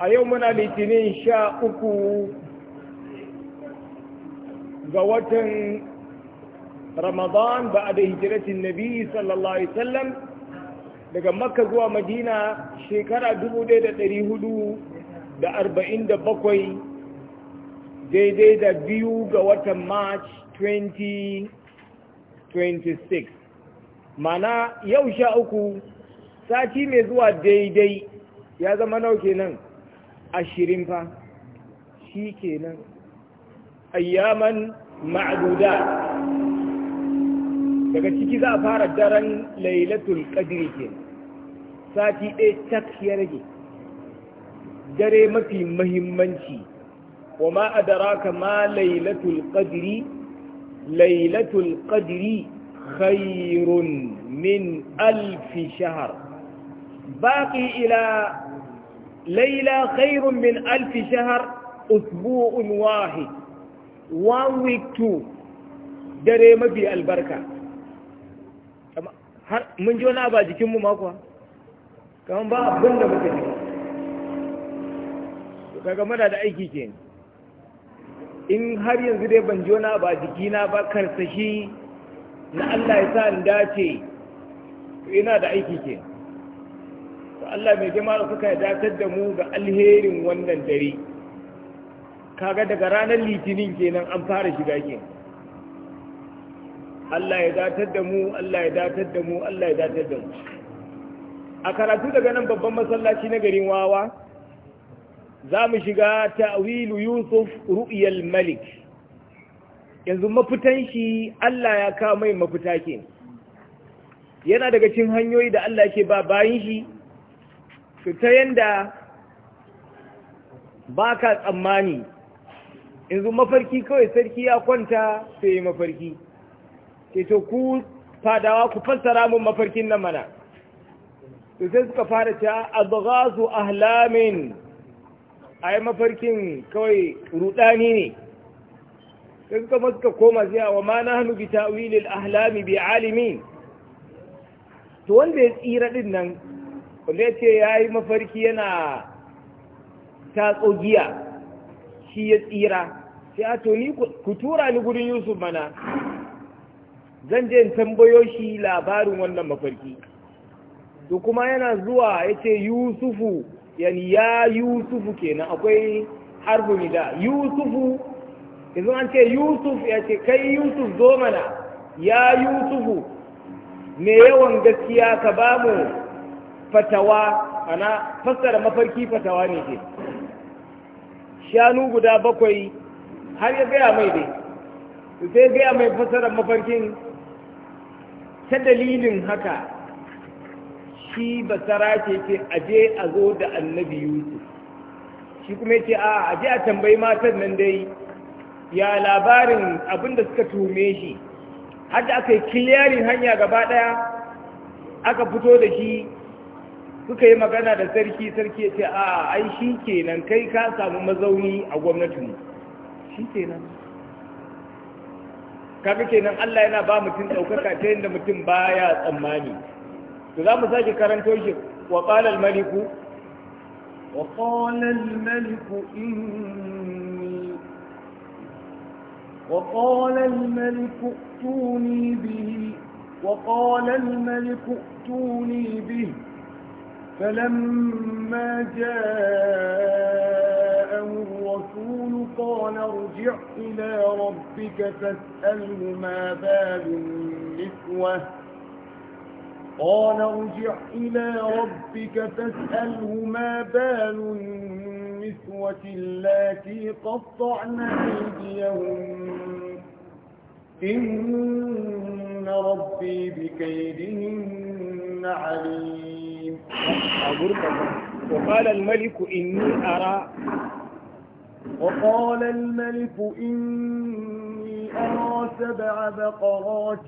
a yau muna litinin sha uku ga watan ramadan ba a da hijiratin nabi sallallahu alaihi sallam daga makka zuwa madina shekara 1447 daidai da biyu ga watan march 2026 mana yau sha uku sati mai zuwa daidai ya zama nauke kenan ashirin fa shi kenan ayyaman ma'aduda daga ciki za a fara daren lailatul qadri ke sati ɗaya cak ya rage dare mafi mahimmanci wa ma dara kama lailatul qadri lailatul qadri khairun min alfi shahar baƙi ila Laila khairun min alfi shahar usbu'un wahid one week two dare mafi albarka mun ji wani abu jikinmu makuwa kamar ba abin da muka ji kaga mana da aiki ke in har yanzu dai ban ji wani abu jikina ba karsashi na Allah ya sa in dace ina da aiki ke to Allah mai girma da kuka da mu ga alherin wannan dare kaga daga ranar litinin kenan an fara shiga ke Allah ya da mu Allah ya da mu Allah ya da mu a karatu daga nan babban masallaci na garin wawa za mu shiga ta'wilu yusuf ru'yal malik yanzu mafitan shi Allah ya kawo mai mafita ke yana daga cin hanyoyi da Allah ke ba bayin shi To ta yanda ba ka tsammani yanzu mafarki kawai sarki ya kwanta sai mafarki ke to ku fadawa ku fassara mun mafarkin nan mana to sai suka fara ta adghasu ahlamin ai mafarkin kawai rudani ne sai suka maska koma zuwa wa ma nahnu bi ta'wilil ahlami bi alimin to wanda ya tsira din nan kulle ce ya yi mafarki yana ta giya shi ya tsira sai a toni ni ku tura ni gurin yusuf mana zan je tambayo shi labarin wannan mafarki to kuma yana zuwa ya ce yusufu yani ya yusufu kenan akwai harfin da yusufu yanzu an ce yusuf ya ce kai yusuf zo mana ya yusufu me yawan gaskiya ka ba mu fatawa ana fassara mafarki fatawa ne ce shanu guda bakwai har ya gaya mai dai sai gaya mai fassara mafarkin ta dalilin haka shi basara ce ce aje a zo da annabi yusuf shi kuma ce a aje a tambayi matan nan dai ya labarin abin da suka tume shi hadda aka yi kiliyarin hanya gaba ɗaya, aka fito da shi suka yi magana da sarki sarki ya ce a ai shi kenan kai ka samu mazauni a ne shi kenan kaga kenan Allah yana ba mutum ɗaukaka ta yadda mutum ba ya tsammani to za mu sake karanto shi wa qala al maliku wa qala al maliku inni wa qala al maliku tuni bihi wa qala al maliku tuni bihi فلما جاءه الرسول قال ارجع إلى ربك فاسأله ما بال النسوة قال ارجع إلى ربك فاسأله ما بال النسوة التي قطعن أيديهم إن ربي بكيدهن عليم وقال الملك إني أرى وقال الملك إني أرى سبع بقرات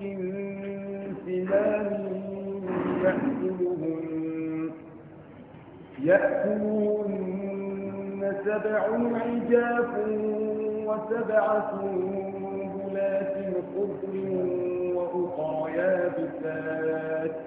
سمان يأكلهن يأكلهن سبع عجاف وسبع سنبلات خضر وأخرى يابسات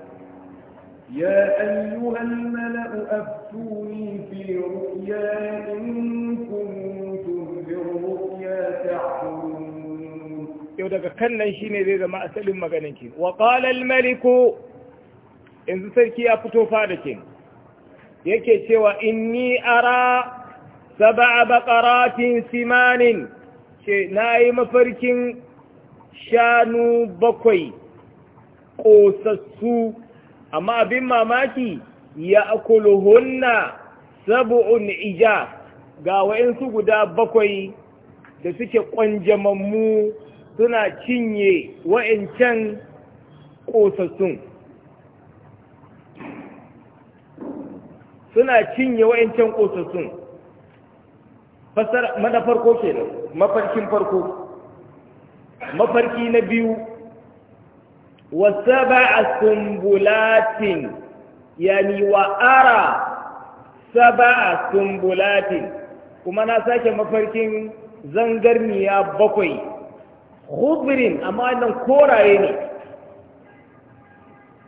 يا أيها الملأ أفتوني في رؤيا إن كنتم بالرؤيا تعقلون يو دقا كلن شيني زي زما أسألهم مغانينكي وقال الملك إن سركي أفتو فاركين yake cewa inni ara saba bakaratin simanin ce na yi mafarkin shanu bakwai ƙosassu amma abin mamaki ya akuluhunna sabu'un ija ga wa'insu guda bakwai da suke ƙwanjamammu suna cinye wa'incan ƙosassun suna cinye wa'incan ƙosassun mana farko ke mafarkin farko mafarki na biyu وسبع سنبلات يعني وأرى سبع سنبلات كما نساك مفركين زنجرني يا بقوي خضر أما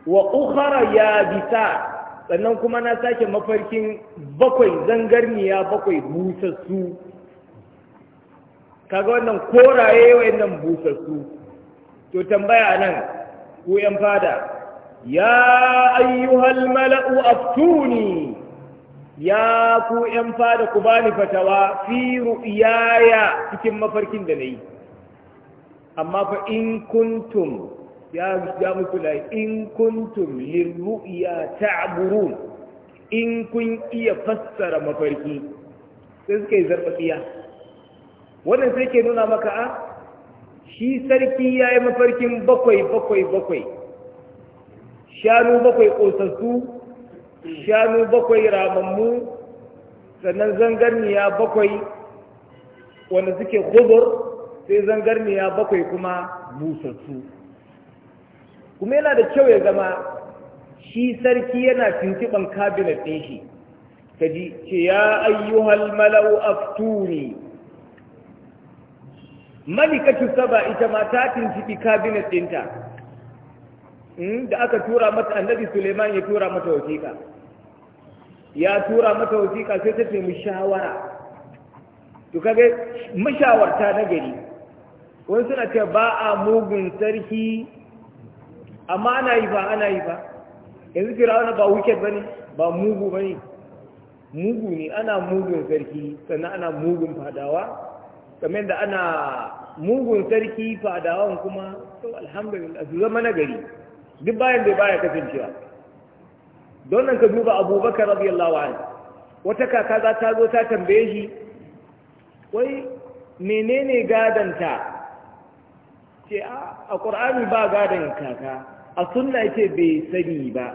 Wa كورين ya bita sannan kuma na sake mafarkin bakwai zangarniya bakwai busassu kaga wannan koraye wayannan busassu to tambaya nan ku yan fada ya ayyuhal mala'u aftuni ya ku yan fada ku bani fatawa fi ru'yaya cikin mafarkin da nayi amma fa in kuntum ya ya muku lai in kuntum lirru'ya ta'burun in kun iya fassara mafarki sai suka yi zarfafiya, wannan sai ke nuna maka a ah, shi sarki ya yi mafarkin bakwai bakwai bakwai shanu bakwai ƙosassu shanu bakwai ramammu sannan zangarniya bakwai wanda suke hubur sai zangarniya bakwai kuma busassu kuma yana da kyau ya zama shi sarki yana tuntuɓan kabinet ɗin shi ka ji ce ya ayyuhal mala'u aftuni malikatu saba ita ma ta tinciki cabinet ɗinta hmm, da aka tura mata annabi suleiman ya tura mata wasiƙa ya tura mata wasiƙa sai ta nemi shawara to kage mashawarta na gari wani suna ce ba a mugun sarki amma ana yi ba ana yi ba yanzu wani ba wicked bane ba mugu bane mugu ne ana mugun sarki sannan ana mugun fadawa kamar da ana mugun sarki fadawan kuma to alhamdulillah su zama nagari duk bayan bai baya kasancewa don nan ka duba abubakar radiyallahu anhu wata kaka za ta zo ta tambaye shi wai menene ta ce a ƙur'ani ba gadon kaka a sunna yake bai sani ba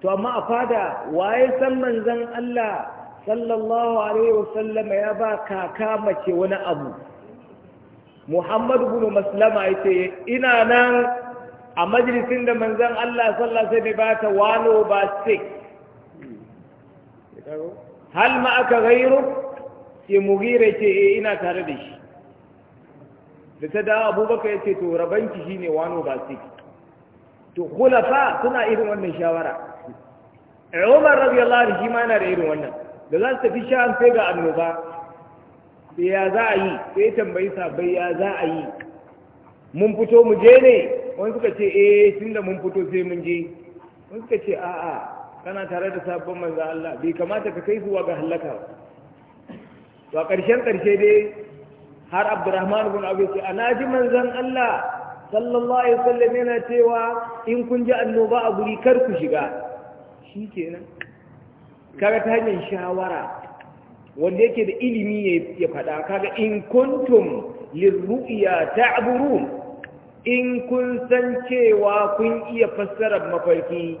to amma a fada waye san manzan Allah sallallahu alaihi wasallama ya ba kaka mace wani abu muhammad bin maslama ya ce ina nan a majalisin da manzan allah sallallahu alaihi wasallam ba ta wano ba ce hal eh, ma aka gairu ke Mugire ce e ina tare da shi da ta dawo abubakar ya ce to rabanki shine wano ba ce to kulafa suna irin wannan shawara umar radiyallahu anhu shi ma yana da irin wannan da za su tafi sha'an sai ga annoba da ya za a yi sai tambayi sabai ya za a yi mun fito mu je ne wani suka ce eh tun da mun fito sai mun je wani suka ce a'a kana tare da sabon manzo Allah bai kamata ka kai zuwa ga halaka ba to ƙarshen ƙarshe dai har Abdurrahman ibn Abi ce ana ji manzan Allah sallallahu alaihi wasallam yana cewa in kun ji annoba a guri kar ku shiga shikenan kaga ta hanyar shawara wanda yake da ilimi ya faɗa kaga in kuntum lirru'ya ta'burun in kun san cewa kun iya fassarar mafarki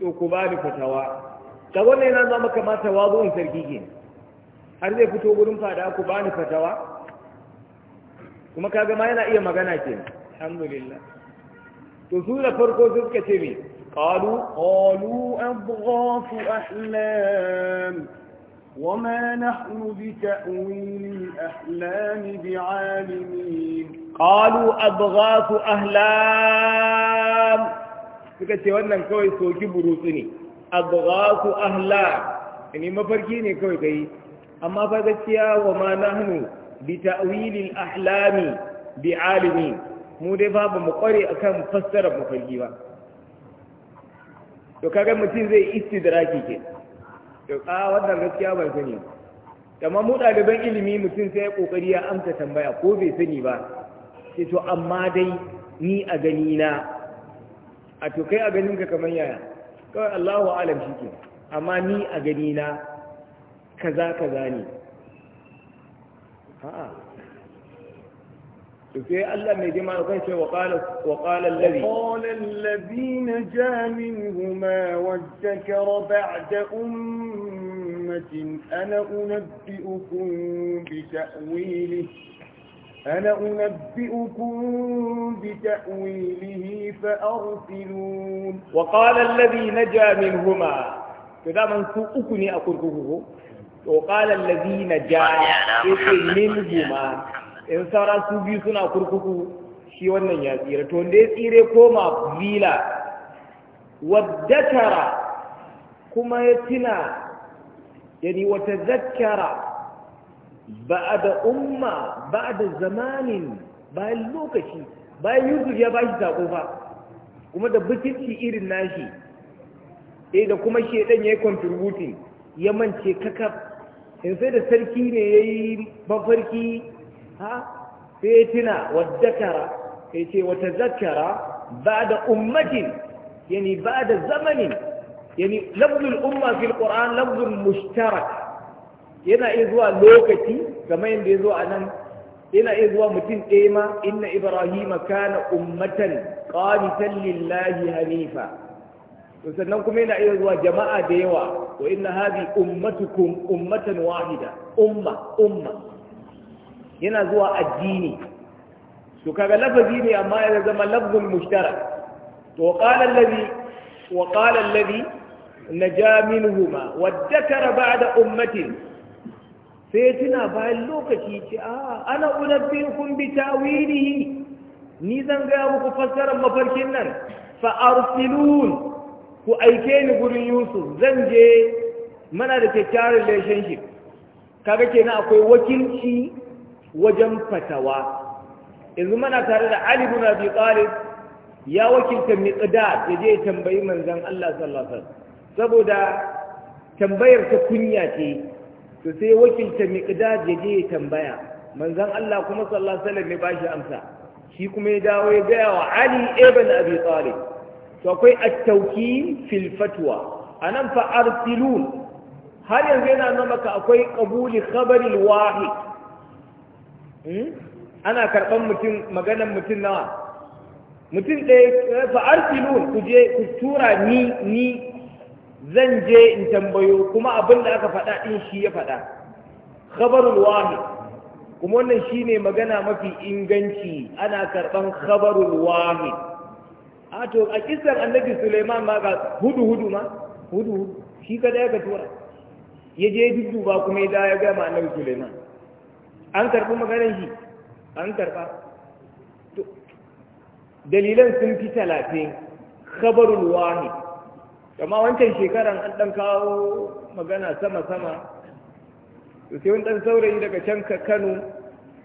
to ku ba ni fatawa ta wannan yana zama kamar tawazu'un sarki ke har zai fito gurin fada ku ba ni fatawa kuma kaga ma yana iya magana ke alhamdulillah to su da farko suka ce me قالوا قالوا أضغاث أحلام وما نحن بتأويل الأحلام بعالمين قالوا أضغاث أحلام فكتي وانا كوي سوكي بروسني أضغاف أحلام يعني ما فرقيني كوي كي أما فكتيا وما نحن بتأويل الأحلام بعالمين مو دفاع بمقري أكام فسر بمفرقيوان to kaga mutum zai da raki ke to a wannan gaskiya ban sani amma mu ɗaliban ilimi mutum sai ya kokari ya amsa tambaya ko bai sani ba sai to amma dai ni a gani na a to kai a ganin ka kamar yaya kawai Allahu alam shike amma ni a gani na kaza kaza ne a'a في ألا ميجمع قيس وقال وقال الذي قال الذي نجا منهما وذكر بعد أمة أنا أنبئكم بتأويله أنا أنبئكم بتأويله فأرسلون وقال الذي نجا منهما كذا من سوءكني أقول وقال الذي نجا منهما in sauran su biyu suna kurkuku shi wannan ya tsira to wanda ya tsire koma vila tara kuma ya tina yani wata zakkara ba da umma ba da zamanin bayan lokaci bayan yusuf ya bashi sako ba kuma da bukici irin nashi eh da kuma ya yayi contributing ya mance kakaf in sai da sarki ne yayi mafarki ha sai tuna wadakara sai ce wata zakara ba da ummatin yani ba da zamanin yani lafzul umma fil qur'an lafzul mushtarak yana iya zuwa lokaci kamar yadda ya zo a nan yana iya zuwa mutum ɗaya ma inna ibrahima kana ummatan qanitan lillahi hanifa to sannan kuma yana iya zuwa jama'a da yawa wa inna hadhi ummatukum ummatan wahida umma umma yana zuwa addini to kaga lafazi ne amma ya zama lafzul mushtara to qala alladhi wa qala alladhi naja minhuma wa dhakara ba'da ummatin sai tuna bayan lokaci ce a ah, ana unabbiukum bi tawilihi ni zan ga muku fassarar mafarkin nan fa arsilun ku aike ni gurin Yusuf zan je mana da kyakkyawar relationship kaga kenan akwai wakilci wajen fatawa yanzu mana tare da Ali ibn Abi Talib ya wakilta Miqdad ya je tambayi manzon Allah sallallahu alaihi wasallam saboda tambayar ta kunya ce to sai wakilta Miqdad ya je tambaya manzon Allah kuma sallallahu alaihi wasallam ya bashi amsa shi kuma ya dawo ya gaya wa Ali ibn Abi Talib to akwai at-tawkin fil fatwa anan fa arsilun har yanzu yana nuna maka akwai qabuli khabari wahid Hmm? ana karɓar mutum maganan mutum nawa mutum ɗaya eh, fa arsilu ku je ku tura ni ni zan je in tambayo kuma abin da aka faɗa ɗin shi ya faɗa khabarul wahid kuma wannan shine magana mafi inganci ana karɓar khabarul wahid a to a kisan annabi suleiman ma ga hudu hudu ma hudu hudu shi kada ya ka tura ya je dudduba kuma ya ga ya gama annabi suleiman an karɓi maganin shi an karɓa dalilan sun fi talatin khabarul wahid kama wancan shekaran an ɗan kawo magana sama-sama to sai wani ɗan saurayi daga can ka kano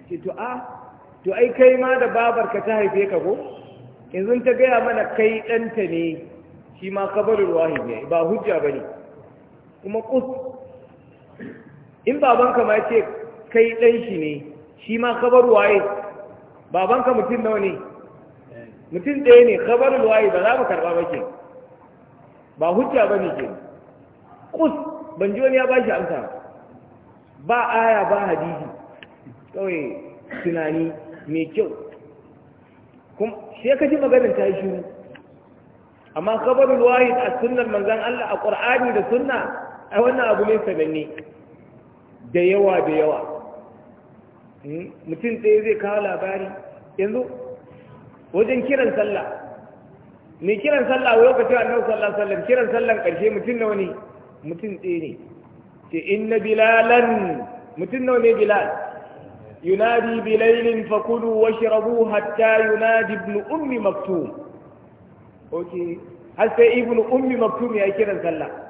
ce to a to ai kai ma da babar ka ta haife ka ko yanzu ta gaya mana kai ɗanta ne shi ma kabarin wahid ne ba hujja ba ne kuma kus in babanka ma ce kai ɗan shi ne shi ma kabar waye babanka mutum nawa ne mutum ɗaya ne kabar waye ba za mu karɓa ba ke ba hujja ba ne ke kus ban ji wani ya ba shi amsa ba aya ba hadisi kawai tunani mai kyau kuma shi ka ji maganin ta yi shiru amma kabarul wahid a sunnar manzan Allah a ƙur'ani da sunna a wannan abu ne sananne da yawa da yawa Hmm? mutum ɗaya zai kawo labari yanzu wajen kiran sallah mai kiran sallah a lokacin annabi sallallahu alaihi wasallam kiran sallan karshe mutum nawa ne mutum ɗaya ne ce inna bilalan mutum nawa ne bilal yunadi bilailin fakulu washrabu hatta yunadi ibn ummi maktum okay har sai ibn ummi maktum ya kiran sallah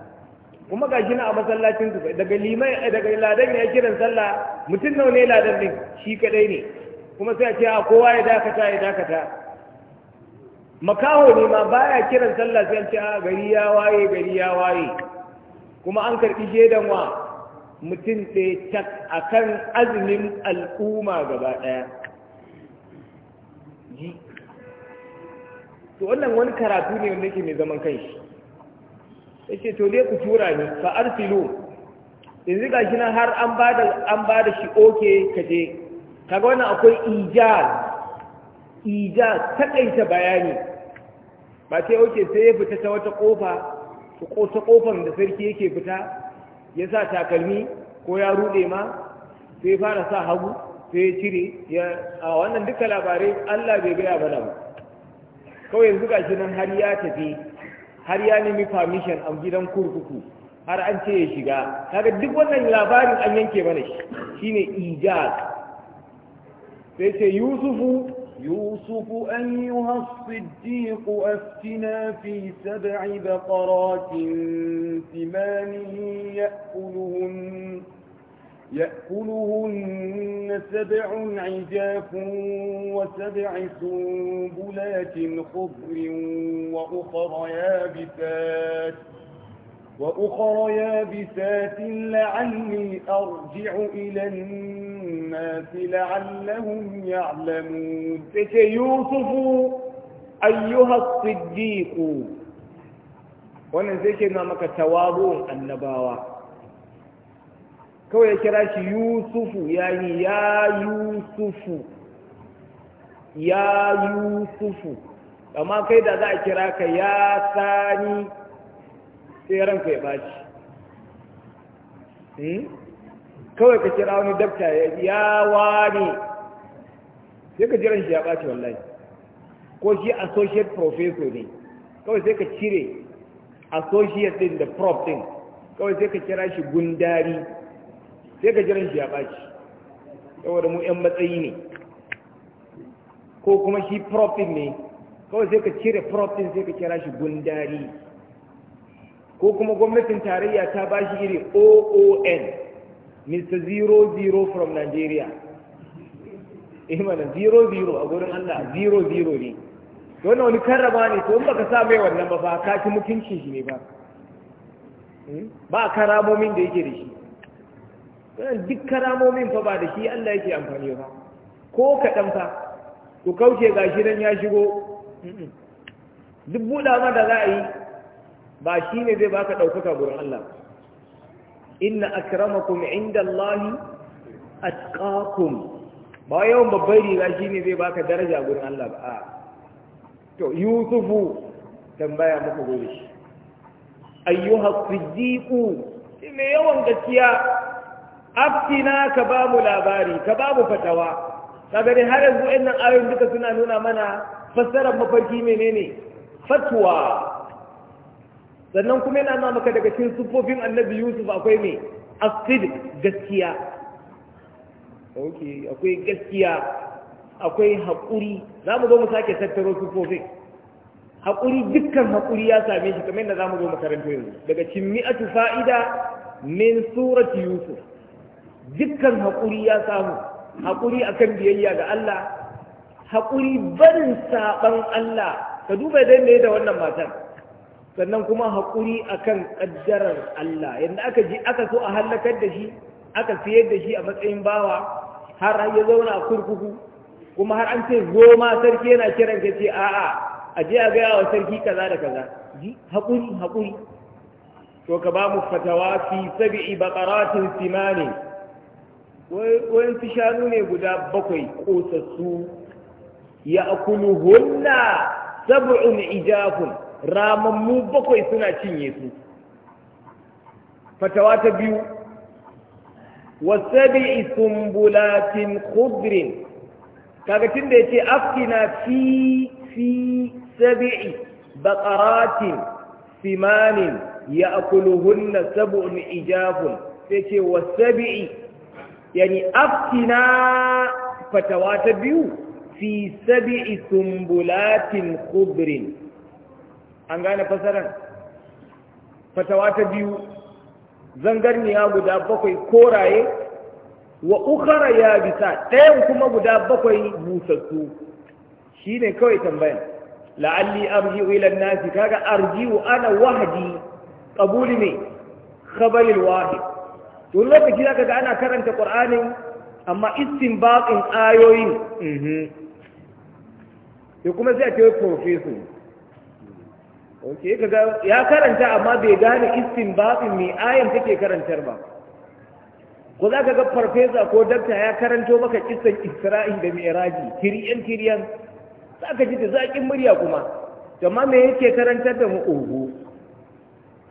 kuma ga shi na a masallacin su daga limai daga ladan ya kiran sallah mutum nawa ne ladan din shi kadai ne kuma sai a ce a kowa ya dakata ya dakata makaho ne ma baya kiran sallah sai a ce a gari ya waye gari ya waye kuma an karbi shaidan wa mutum ɗaya tak akan azumin al'umma gaba ɗaya to wannan wani karatu ne wanda yake mai zaman kanshi yace to dai ku tura ni fa arsilu yanzu gashi nan har an bada an bada shi oke kaje kaga wannan akwai ijaz ijaz takaita bayani ba sai oke sai ya fita ta wata kofa ta kofar da sarki yake fita ya sa takalmi ko ya rude ma sai fara sa hagu sai ya cire ya a wannan duka labarai Allah bai gaya bana ba kawai yanzu gashi nan har ya tafi har ya nemi permission a gidan kurkuku har an ce ya shiga kaga duk wannan labarin an yanke mana shi shine ijaz sai ce yusufu يوسف أيها الصديق أفتنا في سبع بقرات ثمان يأكلهن يأكلهن سبع عجاف وسبع سنبلات خضر وأخر يابسات وأخر يابسات لعلي أرجع إلى الناس لعلهم يعلمون يوسف أيها الصديق ونزيك زي توابون النباوات kawai ya kira shi yusufu ya yi ya yusufu ya yusufu amma kai da za a kira ka ya sani sai ranka ya shi hmm? kawai ka kira wani dabta ya wani sai ka jiran shi ya baci wallahi ko shi associate professor ne kawai sai ka cire associate din da prof din kawai sai ka kira shi gundari sai ga jiran shi ya ɓaci saboda mu 'yan matsayi ne ko kuma shi profit ne kawai sai ka cire profit sai ka kira shi gundari ko kuma gwamnatin tarayya ta ba shi iri oon mr 00 from nigeria imana eh 00 a gurin allah 00 ne wannan wani karraba ne to in baka sa mai wannan ba fa ka ci mutuncin shi ne ba hmm? ba karamomin da yake da shi wannan duk karamomin fa ba da shi Allah yake amfani ba ko kaɗan fa ku kauce ga nan ya shigo duk buɗa da za a yi ba shi ne zai baka ɗaukaka gurin Allah inna akramakum inda Allahi atqakum ba yawan babbar riga shi ne zai baka daraja gurin Allah ba a to yusufu tambaya muku gobe shi ayyuha siddiqu me yawan gaskiya aftina ka ba mu labari ka ba mu fatawa kaga ne har yanzu wannan ayoyin duka suna nuna mana fassarar mafarki menene fatwa sannan kuma yana nuna maka daga cikin sufofin annabi yusuf akwai me asid gaskiya okay akwai gaskiya akwai haƙuri za mu zo mu sake tattaro sufofin. haƙuri dukkan haƙuri ya same shi kamar yadda za mu zo makarantar yanzu daga mi'atu fa'ida min surati yusuf dukkan haƙuri ya samu haƙuri akan biyayya ga Allah haƙuri barin saɓan Allah ka duba dai ne da wannan matan sannan kuma haƙuri akan ƙaddarar Allah yadda aka ji aka so a hallakar da shi aka siyar da shi a matsayin bawa har ya zauna a kurkuku kuma har an ce zo ma sarki yana kiran ka ce a'a a je a gaya wa sarki kaza da kaza ji haƙuri haƙuri to ka ba mu fatawa fi sabi'i baqaratin simani wayansu shanu ne guda bakwai kosassu ya akulu hunna sab'un ijafun ramammu bakwai suna cinye su fatawa ta biyu wasab'i sumbulatin khudrin kaga tunda yace afkina fi fi sab'i baqaratin simanin hunna sab'un ijafun sai ce yani aftina fatawa ta biyu fi sabi'i sumbulatin khudrin an gane fasaran fatawa ta biyu zangarniya guda bakwai koraye wa ukhara ya bisa ɗayan kuma guda bakwai busassu Shi ne kawai tambayan la'alli arji'u ila nasi kaga arji'u ana wahadi qabuli ne, khabaril wahid to lokaci zaka ga ana karanta qur'anin amma istinbaqin ayoyin mhm kuma sai a ce professor ya karanta amma bai gane istinbaqin mai ayan take karantar ba ko za ka ga farfesa ko dakta ya karanto maka kisan isra'i da mi'raji kiriyan kiriyan za ka ji da zaƙin murya kuma amma me yake karantar da mu ogo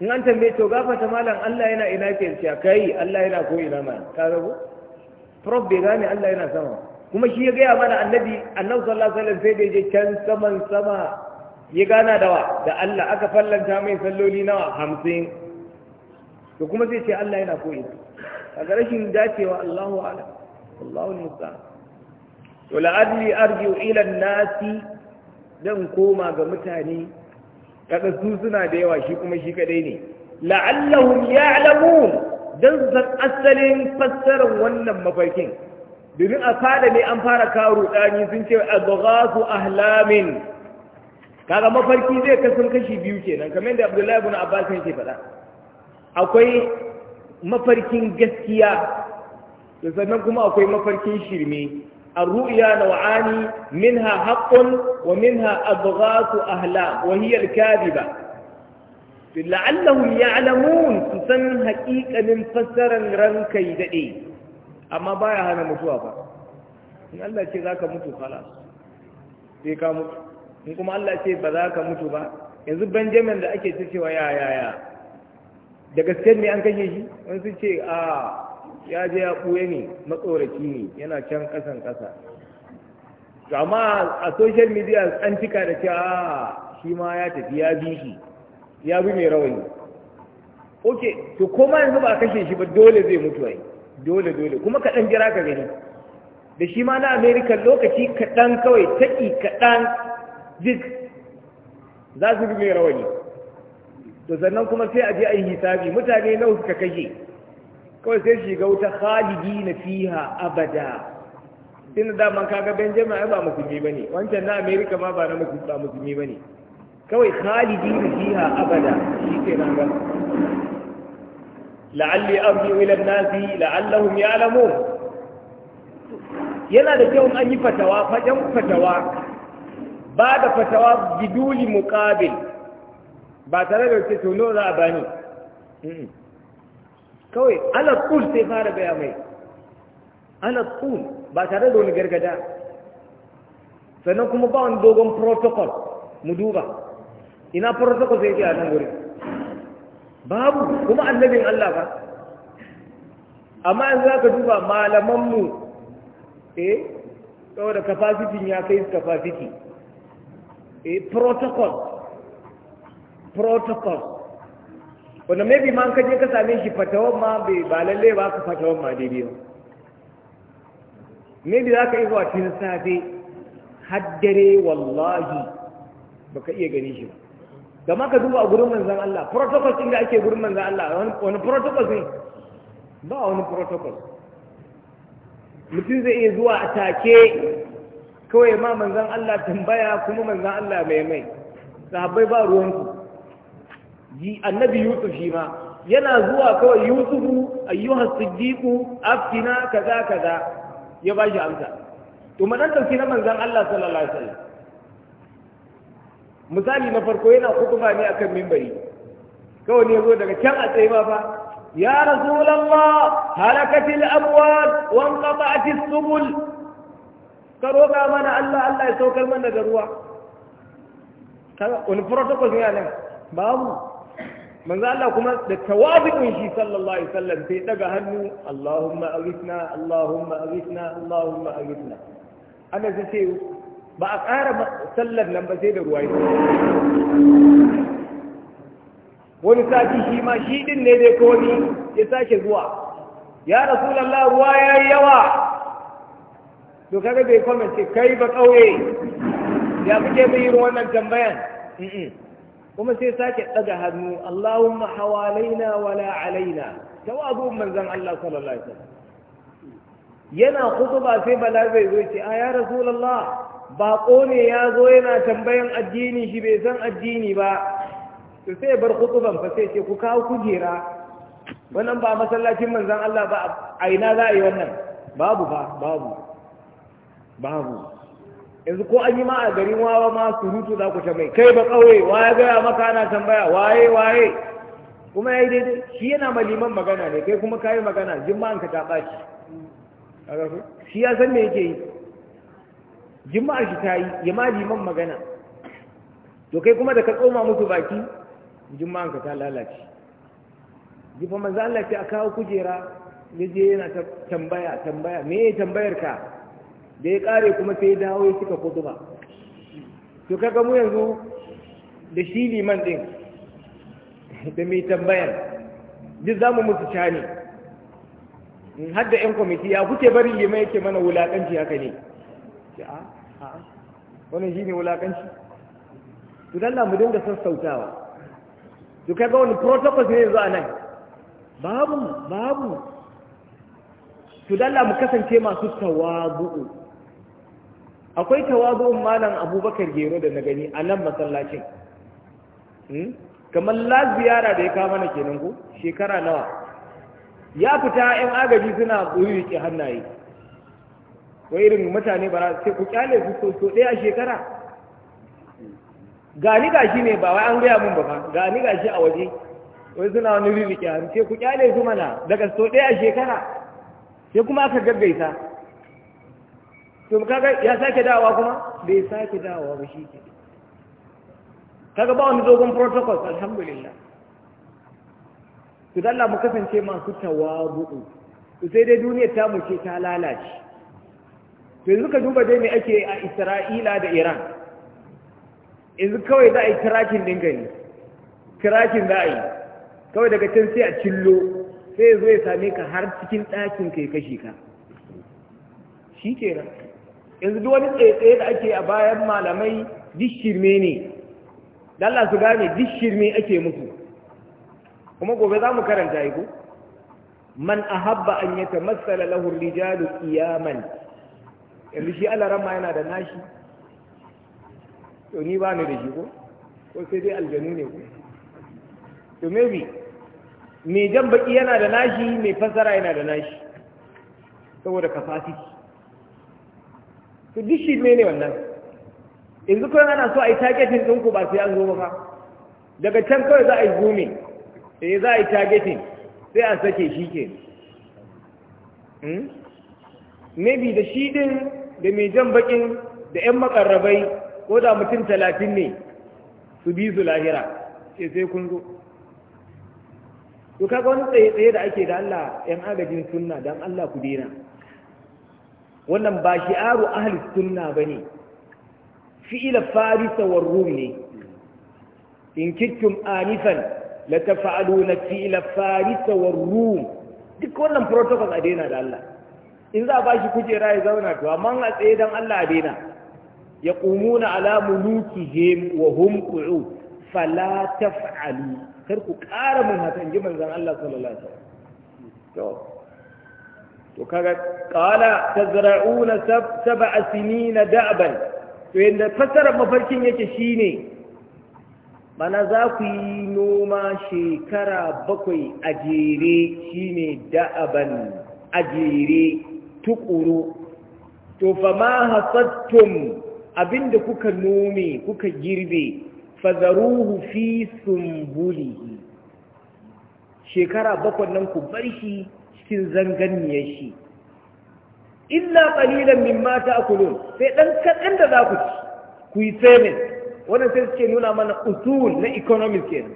in an tambaye to gafata malam Allah yana ina ke cewa kai Allah yana ko ina ma ka rabu prof bai gane Allah yana sama kuma shi ya gaya mana annabi annabi sallallahu alaihi wasallam sai da je can saman sama ya gana da wa da Allah aka fallanta mai salloli nawa hamsin to kuma zai ce Allah yana ko ina a kaga rashin dacewa Allahu a'lam Allahu musta'an to la'adli arji'u ila an-nasi dan koma ga mutane kaga su suna da yawa shi kuma shi kadai ne la'allahum ya'lamun dan su san asalin fassarar wannan mafarkin domin a fada ne an fara kawo rudani sun ce adghasu ahlamin kaga mafarki zai kasan kashi biyu kenan kamar da Abdullahi ibn Abbas yake faɗa akwai mafarkin gaskiya da sannan kuma akwai mafarkin shirme الرؤيا نوعان منها حق ومنها أضغاث أهلام وهي الكاذبة لعلهم يعلمون تسن حقيقة من فسرا رنكا يدئي أما بايا هذا متوابا إن الله يقول ذاك متو خلاص sai ka mutu in kuma Allah ce ba za ka mutu ba yanzu benjamin da ake ta cewa ya ya ya da gaske ne an kashe shi wani sun ce a ya je ya ɓuya ne matsoraci ne yana can ƙasan ƙasa to amma a social media an cika da cewa ah, shi ma ya tafi ya bi shi ya bi mai rawani ok to koma yanzu ba kashe shi ba dole zai mutu ai dole dole kuma kaɗan jira ka gani da shi ma na america lokaci kaɗan kawai taƙi kaɗan duk za su bi mai rawani to sannan kuma sai a je a yi hisabi mutane nawa suka kashe kawai sai shiga wuta khalidi na fiha abada tun da man kaga benjamin ai ba musulmi ba ne wancan na america ma ba na musulmi ba ne kawai khalidi na fiha abada shi ke nan ba la'alli arji ila nasi la'allahum ya'lamun yana da kyau an yi fatawa fadan fatawa ba da fatawa biduli muqabil ba tare da ce to nawa za a bani kawai alaƙul sai fara gaya mai alaƙul ba tare da wani gargada sannan kuma ba wani dogon protocol mu duba ina protocol sai yake a nan wurin babu kuma annabin Allah ba amma yanzu za ka duba malamanmu eh da capacity ya kai capacity, eh protocol protocol wanda maybe ma ka je ka same shi fatawan ma bai ba lalle ba ka fatawan ma daidai ba maybe za ka yi zuwa tun safe haddare wallahi ba ka iya gani shi ba gama ka duba a gurin manzan Allah protocol ɗin da ake gurin manzan Allah wani protocol ne ba wani protocol mutum zai iya zuwa a take kawai ma manzan Allah tambaya kuma manzan Allah mai mai sahabbai ba ruwanku ji annabi yusuf shi ma yana zuwa kawai yusufu ayyuha siddiqu aftina kaza kaza ya ba shi amsa to madan dauki na manzon Allah sallallahu alaihi wasallam misali na farko yana kutuba ne akan mimbari kawai ne zo daga can a tsaye ba fa ya rasulullah halakatil amwal wa inqata'atis subul ka roƙa mana Allah Allah ya saukar mana da ruwa wani protocol ne a nan babu manzo Allah kuma da tawazu'in shi sallallahu alaihi wasallam sai daga hannu Allahumma aghithna Allahumma aghithna Allahumma aghithna ana sai ba a ƙara sallar nan ba sai da ruwa wani sati shi ma shi din ne dai komi ya sake zuwa ya rasulallah ruwa ya yi yawa to kaga bai ce kai ba kauye ya kuke mai yi wannan tambayan kuma sai sake ɗaga hannu Allahumma hawalaina wala alaina tawazu manzon Allah sallallahu alaihi wasallam yana khutba sai Bala zai zo ce a ya rasulullah bako ne ya zo yana tambayan addini shi bai san addini ba to sai bar khutban fa sai ce ku kawo kujera wannan ba masallacin manzon Allah ba a ina za a yi wannan babu ba babu babu yanzu ko an yi ma a garin wawa ma surutu za ku ta mai kai ba kawai waye gaya maka ana tambaya waye waye kuma ya yi daidai shi yana maliman magana ne kai kuma kayi magana jima'anka ta ɓaci shi ya san me yake yi jima'ar shi ta yi ya maliman magana to kai kuma da ka tsoma musu baki jima'anka ta lalace jifa manzo Allah ce a kawo kujera ya yana tambaya tambaya me tambayar ka da ya kare kuma sai dawo ya cika kutuba to kaga mu yanzu da shi liman din da mai tambayar duk za mu mutu cani har da 'yan kwamiti ya kuke bari liman yake mana wulaƙanci haka ne wani shi ne wulaƙanci to dalla mu dinga sassautawa to kaga wani protocol ne yanzu a nan babu babu to dalla mu kasance masu tawabu'u akwai tawazu'un malam abubakar gero da na gani a nan masallacin hmm? kamar laziyara da ya kama na kenan ku? shekara nawa ya fita yan agaji suna ɓoye hannaye wai irin mutane ba sai ku kyale su so ɗaya a shekara gani gashi ne ba wai an gaya mun ba fa gani gashi a waje wai suna wani ririke hannu sai ku kyale su mana daga so ɗaya shekara sai kuma aka gaggaisa to kaga ya sake dawa kuma bai sake dawa ba shi ke kaga ba wani dogon protocol alhamdulillah to dalla mu kasance masu tawabu'u to sai dai duniyar ta mu ce ta lalace to yanzu ka duba dai me ake a Isra'ila da Iran yanzu kawai za a yi tracking din kirakin tracking za a yi kawai daga can sai a cillo sai zo ya same ka har cikin ɗakin ka kashi ka shi kenan yanzu duk wani tsaye da ake a bayan malamai duk shirme ne Allah su gane duk shirme ake musu kuma gobe za mu karanta yi ko man ahabba an matsala lahur rijalu iyaman yanzu shi ala ramma yana da nashi to ni ba ni da shi ko ko sai dai aljanu ne ko to maybe mai jan baki yana da nashi mai fasara yana da nashi saboda capacity to duk shi ne wannan yanzu kawai ana so a yi targeting ɗinku ba sai an zo ba daga can kawai za a yi gumi sai eh, za a yi targeting sai a sake shi ke hmm? maybe da shi ɗin da mai jan bakin da 'yan makarrabai ko da mutum talatin ne su bi su lahira ce sai kun zo to kaga wani tsaye-tsaye da ake da Allah 'yan agajin sunna don Allah ku dina wannan ba shi shi'aru ahli sunna ne. fi'ila farisa war rum ne in kittum anifan la taf'aluna fi'ila farisa war rum duk wannan protocol a daina da Allah in za a bashi kujera ya zauna to amma a tsaye dan Allah a daina ya qumuna ala mulukihim wa hum qu'ud fala taf'alu kar ku ƙara mun haka in ji manzon Allah sallallahu alaihi wasallam to to kaga qala tazra'una sab'a sinin da'ban to yanda fasara mafarkin yake shine mana za ku yi noma shekara bakwai a jere shine da'ban a jere tukuru to fa ma hasattum abinda kuka nome kuka girbe fazaruhu fi sumbulihi shekara bakwai nan ku bar shi cikin zanganniyar shi illa qalilan mimma ta'kulun sai ɗan kaɗan da za ku ci ku yi saving wannan sai suke nuna mana usul na economic nan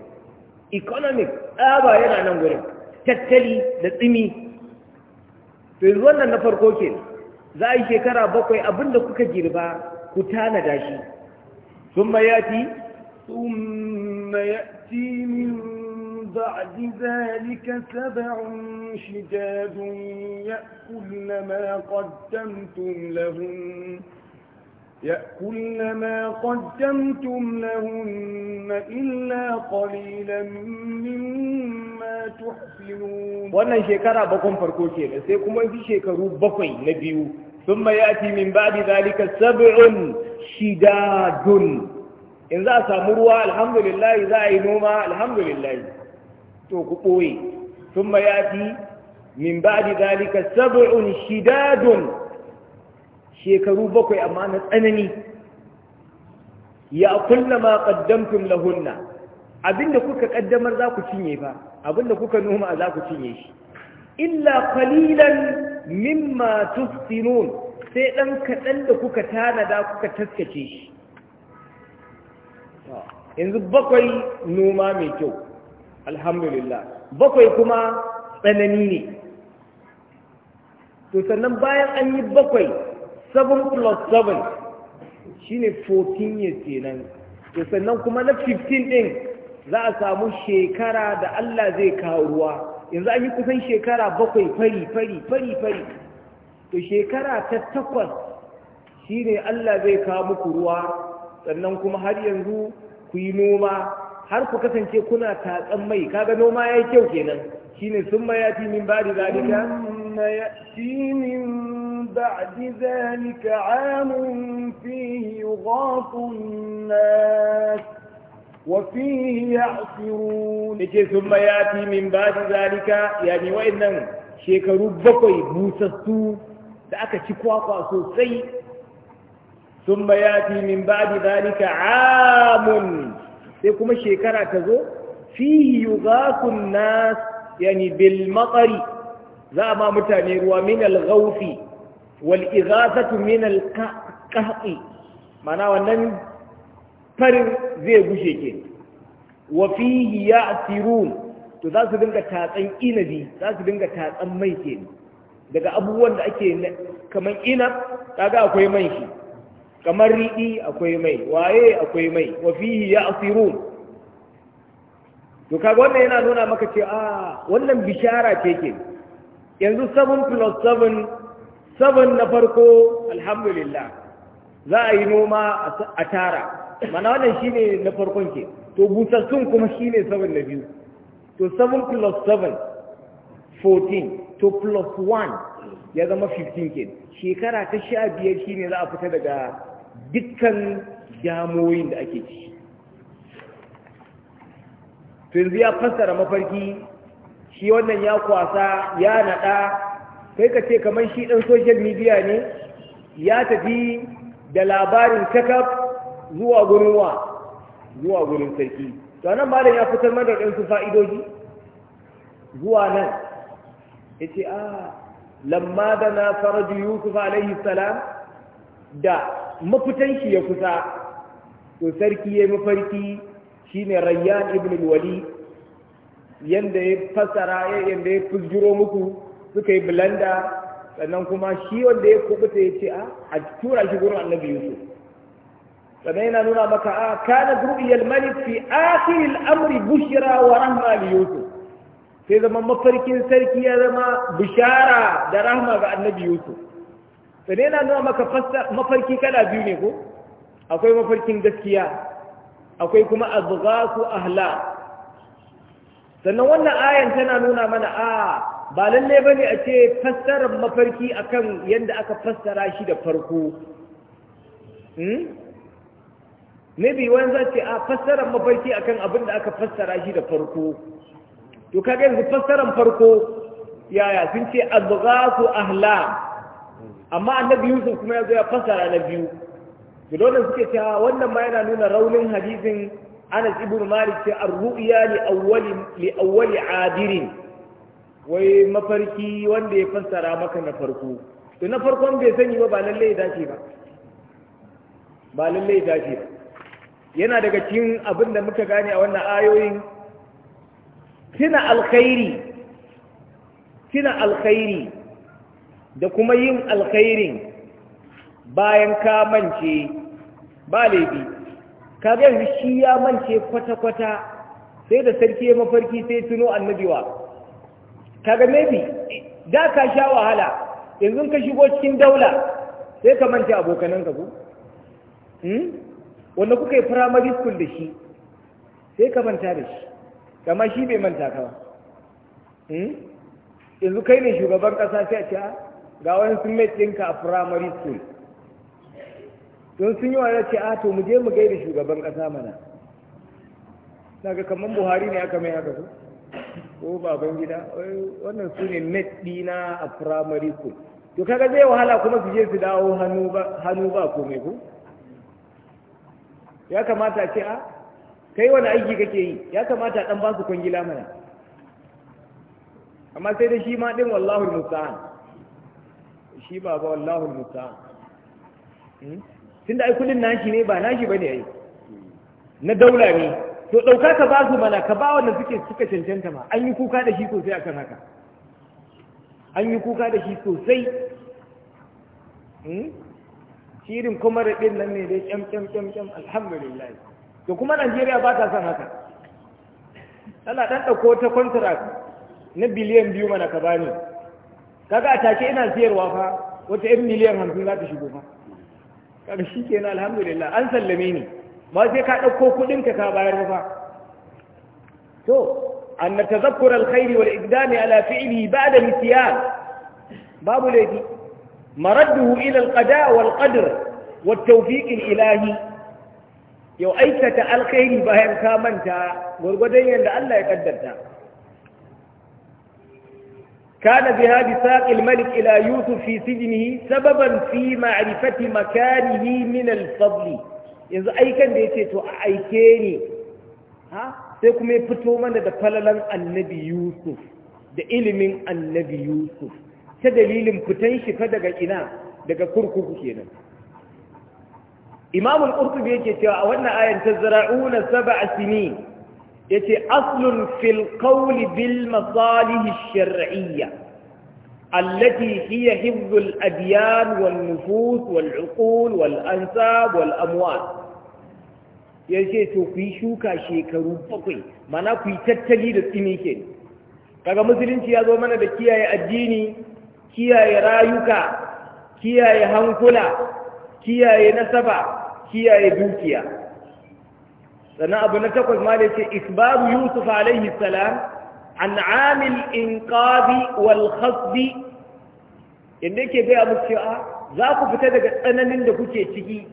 economic tsaba yana nan gurin tattali da tsimi to wannan na farko ke za a yi shekara bakwai abinda kuka girba ku tanada shi sun mayati sun mayati min بعد ذلك سبع شداد يأكلن ما قدمتم لهن يأكلن ما قدمتم لهن إلا قليلا مما wannan shekara bakon farko kenan sai kuma fi shekaru bakwai na biyu ثم يأتي من بعد ذلك سبع شداد in za a samu ruwa alhamdulillah za a yi noma alhamdulillah to ku ɓoye sun ma ya fi min ba da zalika sab'un shidadun shekaru bakwai amma na tsanani ya kulla ma qaddamtum lahunna abinda kuka ƙaddamar za ku cinye fa abinda kuka noma za ku cinye shi illa qalilan mimma tufsinun sai dan kaɗan da kuka tanada kuka taskace shi yanzu bakwai noma mai kyau alhamdulillah bakwai kuma tsanani ne to sannan bayan an yi bakwai 7 plus 7 shine 14 years kenan to sannan kuma na 15 din za a samu shekara da Allah zai kawo ruwa yanzu an yi kusan shekara bakwai fari fari fari fari to shekara ta takwas shine Allah zai kawo muku ruwa sannan kuma har yanzu ku yi noma har ku kasance kuna tatsan mai kaga noma yayi kyau kenan shi ne sun ma yati min ba'di zalika inna yati min ba'di zalika 'amun fihi yughafun nas wa fihi ya'sirun yake sun ma yati min ba'di zalika yani wa'annan shekaru bakwai busassu da aka ci kwakwa sosai sun ma yati min da zalika 'amun sai kuma shekara ta zo za yughathun nas yani bil maqari za a ba mutane ruwa minal gaufi, ghawfi wal ighathatu min al mana wannan farin zai gushe ke wa ya ya'tirun to za su dinga tatsan inabi za su dinga tatsan mai ke daga abubuwan da ake kamar inab kaga akwai man shi kamar riɗi akwai mai waye akwai mai wa fihi ya asiru to kaga wannan yana nuna maka ce a ah, wannan bishara ce ke yanzu 7 plus 7 7 na farko alhamdulillah za a yi noma a tara mana wannan shine na farkon ke to busassun kuma shine 7 na biyu to 7 plus 7 14 to plus 1 ya zama 15 ke shekara ta sha biyar shine za a fita daga dukkan damoyin da ake ci to ya fassara mafarki shi wannan ya kwasa ya naɗa kai ka ce kamar shi ɗan social media ne ya tafi da labarin takaf zuwa gurin wa zuwa gurin sarki to nan malam ya fitar mana da su fa'idoji zuwa nan ya ce a ah, lamma da na faraju yusuf alaihi salam da mafitan ya kusa to sarki ya mafarki shi ne rayyan ibn wali yadda ya fassara yadda ya fujiro muku suka yi blanda sannan kuma shi wanda ya kubuta ya ce a tura shi gurin annabi yusuf sannan yana nuna maka a kana gurbi yalmani fi akhir amri bushra wa rahma li yusuf sai zama mafarkin sarki ya zama bishara da rahma ga annabi yusuf to ne yana nuna maka mafarki kala biyu ne ko akwai mafarkin gaskiya akwai kuma azghasu ahla sannan wannan ayan tana nuna mana a ba lalle bane a ce fassarar mafarki akan yanda aka fassara shi da farko hmm maybe wani za ce a fassarar mafarki akan abin da aka fassara shi da farko to kaga yanzu fassarar farko yaya sun ce azghasu ahla amma annabi yusuf kuma ya zo ya fasara na biyu to dole suke cewa wannan ma yana nuna raunin hadisin anas ibn malik ce ar-ru'ya li awwali li awwali adirin wai mafarki wanda ya fassara maka na farko to na farkon bai sani ba ba lalle ya dace ba ba lalle ya dace ba yana daga cikin abin da muka gane a wannan ayoyin tuna alkhairi tuna alkhairi da kuma yin alkhairin bayan ka mance ba laifi ka yanzu shi ya mance kwata-kwata sai da sarki ya mafarki sai tuno annabiwa kaga maybe da ka sha wahala yanzu ka shigo cikin daula sai ka mance ka ku hmm? wanda kuka yi primary school da shi sai ka manta da shi kama shi bai manta ka ba hmm? yanzu kai ne shugaban kasa sai a ce ah, ga wani sun mai ɗinka a primary school don sun yi wa ce a to mu je mu gaida shugaban ƙasa mana daga kamar buhari ne aka mai haka su ko baban gida wannan su ne net ɗina a primary school to kaga zai wahala kuma su je su dawo hannu ba komai ko ya kamata ce a kai wani aiki kake yi ya kamata dan ba su kwangila mana amma sai da shi ma din wallahul musta'an shi ba ba wallahu muta hmm? tunda ai kullun nashi ne ba nashi bane ai na daula ne to dauka ka ba su mana ka ba wannan suke suka cancanta ma an yi kuka da shi sosai akan haka an yi kuka da shi sosai hmm? shirin kuma raɗin nan ne dai kyam kyam kyam kyam alhamdulillah to kuma Najeriya ba ta son haka tana ɗan ɗauko ta contract na biliyan biyu mana ka bani kaga a take ina siyarwa fa wata yan miliyan hamsin za ta shigo fa kaga shi kenan alhamdulillah an sallame ni ba sai ka ɗauko kuɗin ka ka bayar fa. to an na tazakkura alkhairi wal iqdami ala fi'li ba'da nisyan babu laifi maradduhu ila alqada wal qadr wat tawfiq ilahi yau aikata alkhairi bayan ka manta gurgurdan yanda Allah ya kaddarta كان بها بساق الملك Ila, Yusuf, في سجنه سببا في معرفة مكانه من الفضل yanzu aikan da ya ce to a aike ni sai kuma ya fito mana da falalan annabi yusuf da ilimin annabi yusuf ta dalilin fitan shi fa daga ina daga kurkuku kenan imamul qurtubi yake cewa a wannan ayan tazra'una sab'a sinin yace aslun fil qawli bil masalih ash-shar'iyya allati hiya hifdhu al wal nufus wal uqul wal ansab wal amwal yace to ku yi shuka shekaru bakwai mana ku yi tattali da tsimi ke kaga musulunci ya zo mana da kiyaye addini kiyaye rayuka kiyaye hankula kiyaye nasaba kiyaye dukiya sannan abu na takwas ma da ce isbabu yusuf alaihi salam an amil inqabi wal khasbi inda yake gaya muku cewa za ku fita daga tsananin da kuke ciki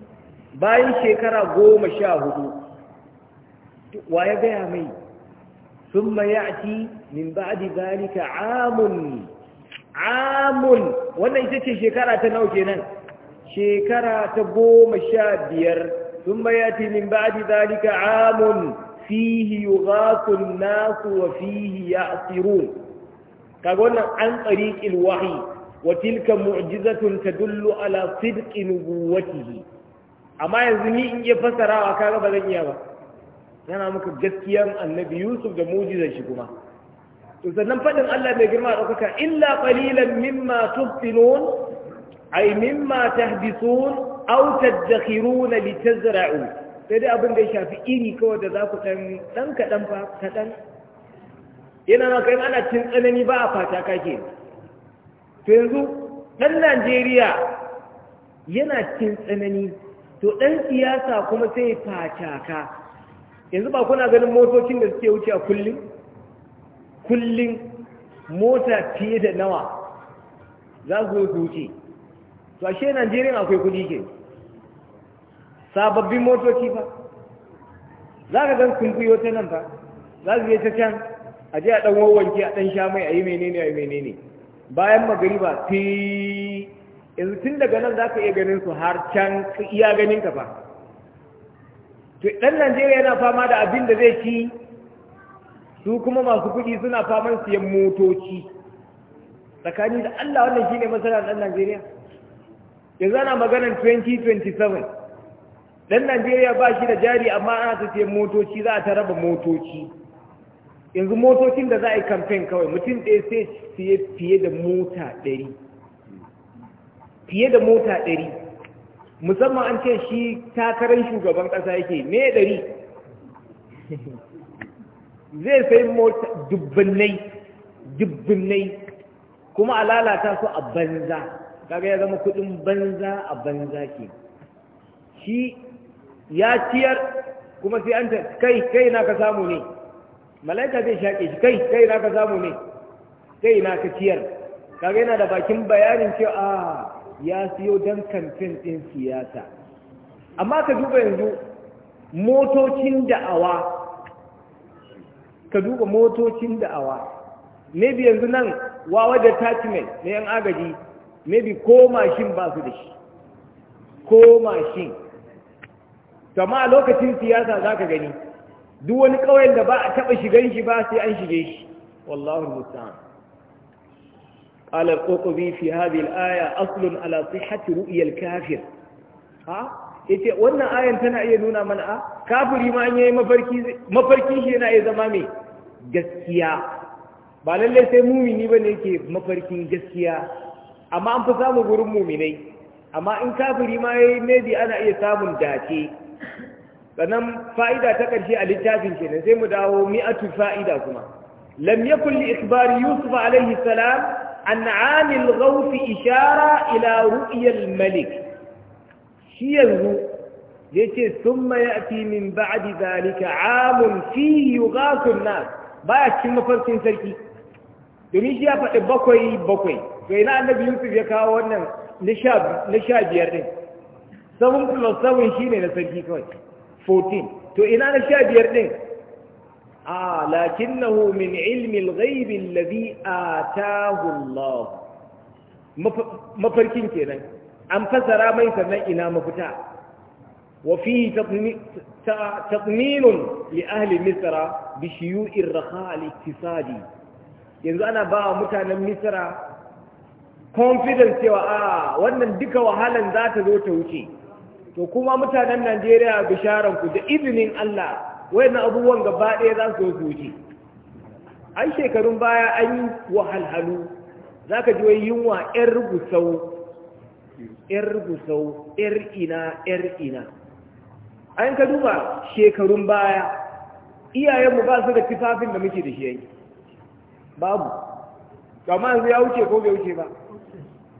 bayan shekara goma sha hudu wa ya gaya mai sun mayaci min ba ba'di zalika amun amun wannan ita ce shekara ta nau kenan shekara ta goma sha biyar ثم يأتي من بعد ذلك عام فيه يغاث الناس وفيه يعصرون كقولنا عن طريق الوحي وتلك معجزة تدل على صدق نبوته أما يزني إن يفسر وكذا بدن يابا yana muka gaskiyan annabi Yusuf da mujizar shi kuma to sannan fadin Allah mai girma ɗaukaka illa qalilan mimma tuftilun ay mimma tahbisun aw tadakhiruna zira'u sai dai abin da ya shafi iri kawai da za ku ɗan ɗan kaɗan ba kaɗan yana maka yin ana cin tsanani ba a fata kake to yanzu ɗan najeriya yana cin tsanani to ɗan siyasa kuma sai fata ka yanzu ba kuna ganin motocin da suke wuce a kullum kullum mota fiye da nawa za su wuce to ashe najeriya akwai kuɗi ke sababbin motoci ba za ka gan kumfiyo ta nan ba za su je ta can a je a ɗan wawanke a ɗan sha mai a yi menene a yi menene bayan magariba fi yanzu tun daga nan za ka iya ganin su har can iya ganin ka fa to ɗan najeriya yana fama da abin da zai ci su kuma masu kuɗi suna faman siyan motoci tsakani da allah wannan shine masana ɗan najeriya yanzu ana maganar 2027 dan Najeriya ba shi da jari amma ana ta ce motoci za ta raba motoci yanzu motocin da za a yi kamfen kawai mutum ɗaya sai siye fiye da mota ɗari fiye da mota ɗari musamman an ce shi takarar shugaban ƙasa yake me ɗari zai sai mota dubbanai, dubbanai. kuma a lalata su a banza kaga ya zama kuɗin banza a banza ke shi ya ciyar kuma sai an kai kai na ka samu ne mala'ika zai shaƙe shi kai kai na ka samu ne kai na ka ciyar kaga yana da bakin bayanin cewa a ah, ya siyo don kamfen ɗin siyasa amma ka duba yanzu motocin da'awa ka duba motocin da'awa maybe yanzu nan wawa da attachment na yan agaji maybe ko mashin ba su da shi ko mashin kama a lokacin siyasa za ka gani duk wani ƙauyen da ba a taɓa shigan shi ba sai an shige shi wallahu musta'an qala al-qurtubi fi hadhihi al-aya aslun ala sihhati ru'ya al-kafir ha yace wannan ayan tana iya nuna mana a kafiri ma an yayi mafarki mafarki shi yana iya zama mai gaskiya ba lallai sai mumini ba ne ke mafarkin gaskiya amma an fi samun gurin muminai amma in kafiri ma ya yi maybe ana iya samun dace sannan fa'ida ta ƙarshe a littafin kenan sai mu dawo mi'atu fa'ida kuma lam yakun li ikhbari yusuf alaihi salam an amil gaufi ishara ila ru'yal malik shi yanzu yace thumma ya'ti min ba'di zalika 'amun fihi ga suna ba baya cikin mafarkin sarki domin shi ya faɗi bakwai bakwai to ina annabi yusuf ya kawo wannan na sha biyar din 7 plus 7 shine na sarki kawai 14 to ina na sha biyar ɗin a na min ilmin ghaibin labi a tahullahu mafarkin kenan an fasara mai sannan ina mafita wa fi tatminun li ahli misra bi shuyu'ir raha al-iktisadi yanzu ana ba mutanen misra confidence cewa a ah, wannan duka wahalan za ta zo ta wuce to kuma mutanen Najeriya bisharan ku da izinin Allah wayannan abubuwan gaba ɗaya za su zo ji ai shekarun baya an yi wahalhalu zaka ji wai yunwa yar rugusau yar rugusau yar ina yar ina an ka duba shekarun baya iyayenmu ba su da tufafin da muke da shi yanki babu amma yanzu ya wuce ko bai wuce ba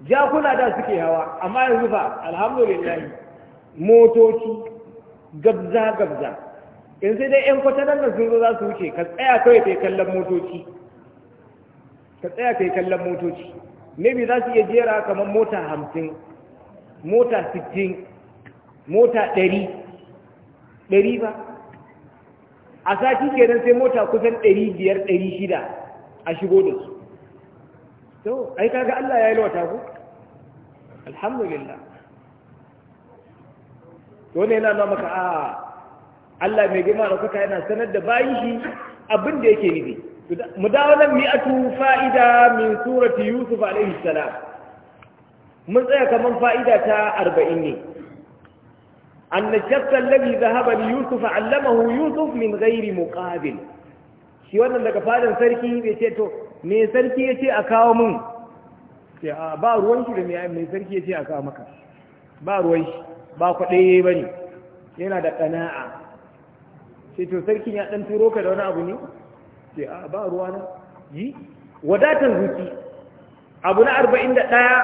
jakuna da suke hawa amma yanzu fa alhamdulillah motoci gabza gabza in sai dai 'yan kwatanar da sun zo za su wuce ka tsaya kawai kai kallon motoci ka tsaya kai kallon motoci maybe za su iya jera kamar mota hamsin mota sittin mota ɗari ɗari ba a sati kenan sai mota kusan ɗari biyar ɗari shida a shigo da su to ai kaga Allah ya yi lwata ku alhamdulillah to ne yana maka a Allah mai girma da kuka yana sanar da bayin shi abin da yake nufi mu dawo nan atu fa'ida min surati yusuf alaihi salam mun tsaya kaman fa'ida ta arba'in ne أن الشخص الذي ذهب ليوسف علمه يوسف من غير مقابل shi wannan daga fadan sarki bai ce to me sarki ya ce a kawo mun ba ruwan shi da me sarki ya ce a kawo maka ba ruwan shi ba ɗaya ba ne yana da ƙana'a sai to sarkin ya ɗan turo ka da wani abu ne sai a ba ruwa na yi wadatar zuci abu na arba'in da ɗaya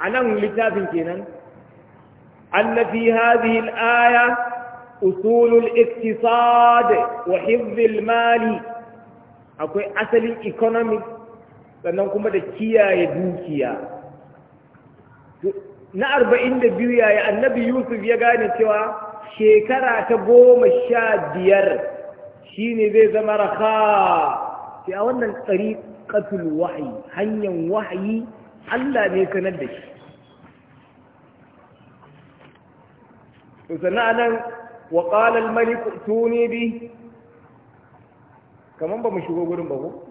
a nan littafin kenan anna fi hadhihi usulul iktisad wa mali akwai asalin economic sannan kuma da kiyaye dukiya na arba'in da biyu yaya annabi yusuf ya gane cewa shekara ta goma sha biyar shi ne zai zama raka sai a wannan tsari katul wahayi hanyar wahayi allah ne sanar da shi sannan nan wa ƙalal malik tuni bi kamar ba mu shigo gurin ba ko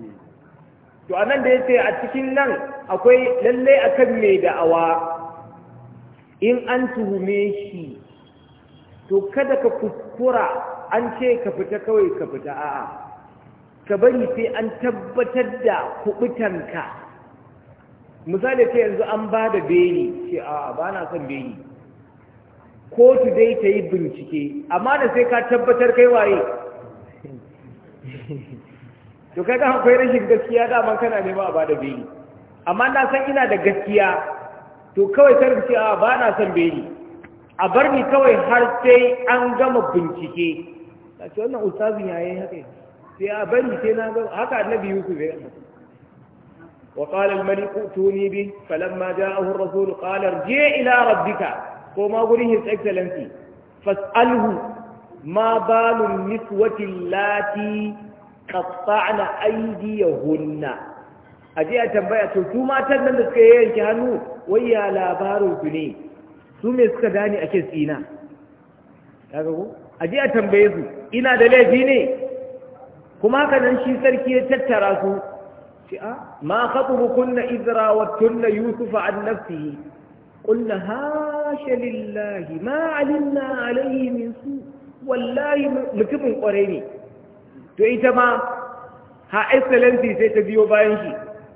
to a nan da ya ce a cikin nan akwai lallai akan mai da'awa in an tuhume shi to kada ka kuskura an ce ka fita kawai ka fita a'a ka bari sai an tabbatar da kubutanka misali ce yanzu an ba da beni ce a ba na son beni kotu dai ta yi bincike amma da sai ka tabbatar kai waye to kaga akwai rashin gaskiya daman kana nema a ba da beni amma na san ina da gaskiya to kawai kar ce a ba na son beli a bar ni kawai har sai an gama bincike a ce wannan ustazin yayin haka sai a bari sai na gama haka annabi yusuf ya وقال الملك ائتوني به فلما جاءه الرسول قال ارجع إلى Ko ma gurin His Excellency فاسأله ما بال النسوة اللاتي قطعن أيديهن a tambaya to su matan nan da suka yanke hannu wai ya labarin ku ne su me suka gane ake tsina kaga ko aje a tambaye su ina da laifi ne kuma haka nan shi sarki ya tattara su ce a ah, ma khatubukunna idra wattunna yusufa an nafsihi قلنا هاش لله ما علمنا عليه su, wallahi mutumin kwarai ne. to ita ma ha excellency sai ta biyo bayan shi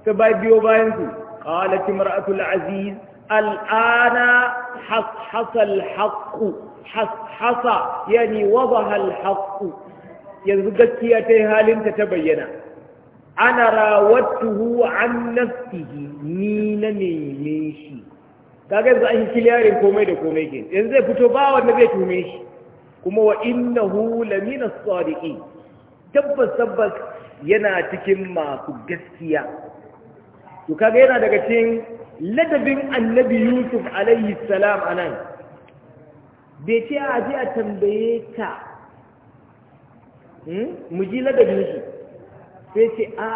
ta biyo bayan su قالت امرأة العزيز الآن حصحص الحق حصحص يعني وضح الحق يزقك يتهال تتبين أنا راودته عن نفسه نين ميميشي kaga yanzu an shi yarin komai da komai ke yanzu zai fito bawa na zai tume shi kuma wa innahu lamina sadiqi tabbas tabbas yana cikin masu gaskiya to kaga yana daga cikin ladabin annabi yusuf alaihi salam anan bai ce a ji a tambaye ka hmm, mu ji ladabin shi sai ce a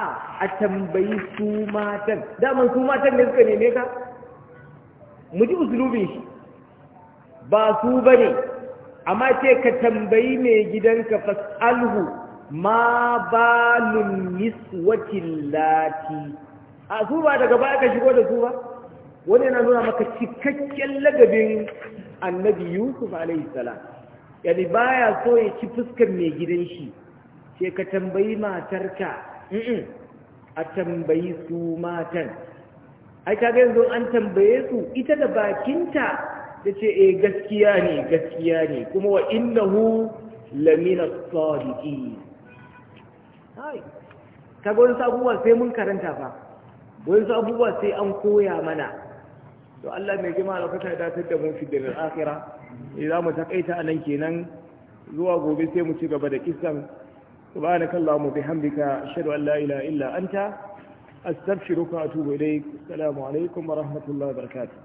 a tambayi su matan daman su matan ne suka neme ka mu ji usulubin shi ba su ba ne amma ce ka tambayi mai gidanka fasalhu ma balun niswatin lati a su ba daga ba aka shigo da su ba wani yana nuna maka cikakken lagabin annabi yusuf alaihi salam ba ya so ya ci fuskar mai gidan shi sai ka tambayi matarka a tambayi su matan ai kaga yanzu an tambaye su ita da bakinta ta ce eh gaskiya ne gaskiya ne kuma wa innahu lamina sadiqi kaga wani sabuwa sai mun karanta fa wani abubuwa sai an koya mana to Allah mai gima da kuka da da mu fi da akhira idan eh, mu takaita anan kenan zuwa gobe sai mu ci gaba da kisan subhanakallahumma bihamdika ashhadu an la ilaha illa anta astaghfiruka wa atubu ilaik assalamu alaikum wa rahmatullahi wa barakatuh